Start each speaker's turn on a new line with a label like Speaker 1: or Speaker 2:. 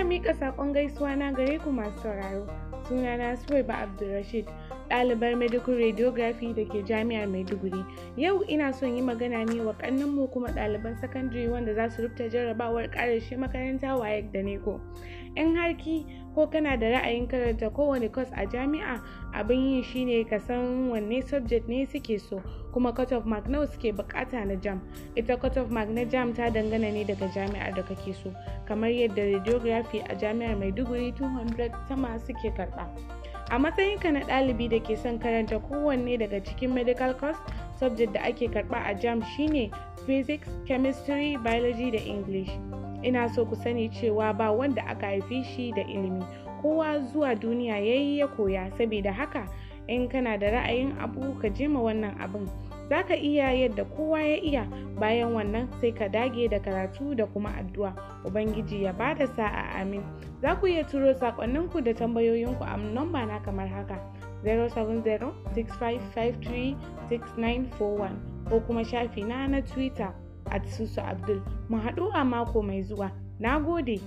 Speaker 1: ina miƙa saƙon gaisuwa na gare ku masu sauraro sunana Suwaiba Abdulrashid ɗalibar medical radiography da ke jami'ar maiduguri yau ina son yi magana ne wa mu kuma ɗaliban secondary wanda za su rubuta jarrabawar ƙarashe makaranta wayek da neko in harki ko kana da ra'ayin karanta kowane kwas a jami'a abin yi shine ka san wanne subject ne suke so kuma cut of mark nawa suke bukata na jam ita cut of mark na jam ta dangana ne daga jami'ar da kake so kamar yadda radiography a jami'ar maiduguri 200 sama suke karɓa a matsayinka na ɗalibi da ke son karanta kowanne daga cikin medical course subject da ake karɓa a jam shine physics chemistry biology da english ina so ku sani cewa ba wanda aka haifi shi da ilimi kowa zuwa duniya ya yi ya koya saboda haka in kana da ra'ayin abu ka jima wannan abin za ka iya yadda kowa ya iya bayan wannan sai ka dage da karatu da kuma addu'a ubangiji ya bada sa'a amin Za ku iya turo saƙonninku da tambayoyinku a nomba na kamar haka 070-6553-6941 ko kuma shafi na na Twitter at Susu Abdul. Mu haɗu a mako mai zuwa. Na gode!